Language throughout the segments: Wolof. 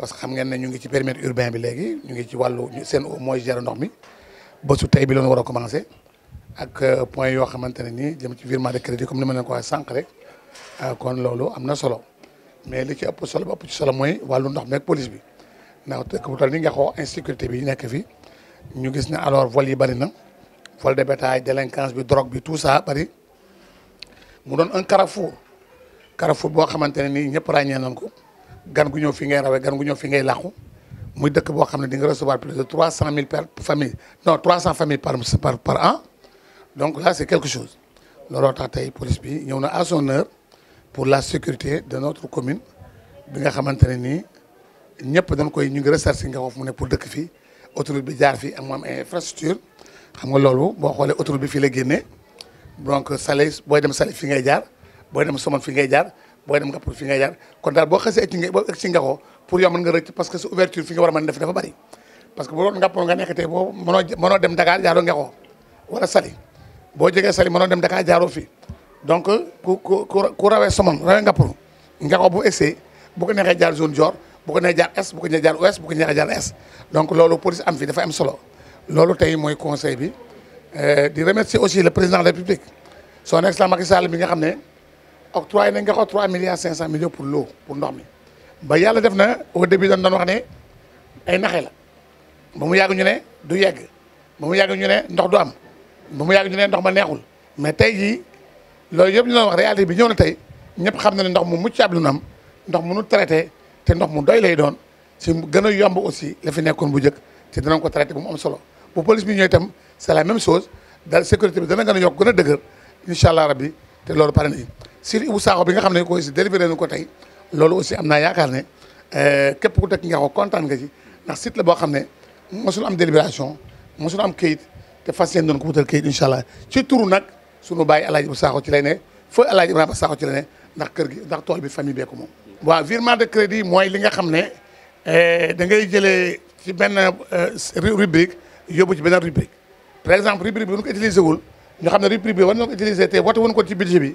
parce que xam ngeen ne ñu ngi ci périmètre urbain bi léegi ñu ngi ci wàllu seen mooy gérer ndox mi ba su tey bi la ñu war a commencé ak euh, point yoo xamante ne nii jëm ci virement de crédit comme ni ma leen ko waxee sànq rek euh, kon loolu am na solo mais li ci ëpp solo ba ëpp ci solo mooy wàllu ndox mi police bi ndax dëkk bu toll ni nga xoo insécurité bi nekk fi ñu gis ne alors vol yi bëri na vol de bétail délinquance bi drogue bi tout ça bari mu doon un carrefour carrefour boo xamante ne nii ñëpp ràññee nañ ko gan gu ñëw fi ngay rawee gan gu ñëw fi ngay làqu muy dëkk boo xam ne di nga recevoir plus de trois cent famille non trois familles par par an donc là c'est quelque chose looloo tax tey police bi ñëw na à son pour la sécurité de notre commune bi nga xamante ne nii ñëpp dañ koy ñu ngi recherche nga xoof mu ne pour dëkk fii autoroute bi jaar fii ak mu am infrastructure xam nga loolu boo xoolee autoroute bi fii la génnee donc Salé booy dem Salé fi ngay jaar. boo dem somon fi ngay jaar booy dem nga pour fi ngay jaar kon daal boo xasee ci nga boo egg ci ngaxoo pour yow mën nga rëcc parce que sa ouverture fi nga war a mën def dafa bari parce que bu doon ngàppoon nga nekk tey boo mënoo dem Dakar jaaroo ngaxoo wala boo jógee ko neexee jaar zone Dior bu ko neexee jaar est bu ko neexee jaar ouest bu ko neexee jaar est donc loolu police am fi dafa am solo loolu tey mooy conseil bi euh, di remercier aussi le président de la République son excellence Macky Sall bi nga xam ne octroyé nañ nga 3 milliards 500 millions pour l'eau pour ndox ba yalla def na au début dañ doon wax né ay naxé la ba mu yàgg ñu né du yegg ba mu yàgg ñu né ndox du am ba mu yàgg ñu ne ndox ma neexul mais tay jii loolu yëpp ñu doon wax réalité bi ñëw na tay ñëpp xam na ne ndox mu mucc ab lu ndox mu nu traité té ndox mu doy lay doon ci gëna yomb aussi la fi nekkoon bu jëk té danañ ko traité bu mu am solo bu police bi ñëw tam c'est la même chose daal sécurité bi dana gën a yokk gën a dëgër incha rabbi té loolu pare na sur Ibou Sakho bi nga xamné ko ci délibéré na ko tey loolu aussi amna yakar né euh képp ku tek nga ko kontaan nga ci ndax site la bo xamné ne mosul am délibération mosul am kayit té fas yéene ko wutal kayit inshallah ci turu nak suñu baye El Hadj Sakho ci lay né fo El Hadj Ibrahima Sakho ci lay né ndax kër gi ndax tool bi famille bee ko moom. waaw virement de crédit moy li nga xamné euh da ngay jëlee ci ben rubrique yobu ci ben rubrique par exemple rubrique bi bu ñu ko utilisé wul ñu xam rubrique bi war nañu ko utiliser té wote woon ko ci budget bi.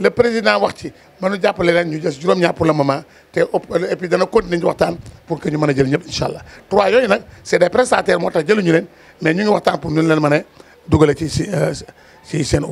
le président wax ci mënu jàppale leen ñu des juróom-ñaar pour le moment te et puis dana continuer ñu waxtaan pour que ñu mën a jël ñëpp incha allah trois yooyu nag c' est des prestataires moo tax jëluñu leen mais ñu ngi waxtaan pour ñu leen mën a dugale ci si si seen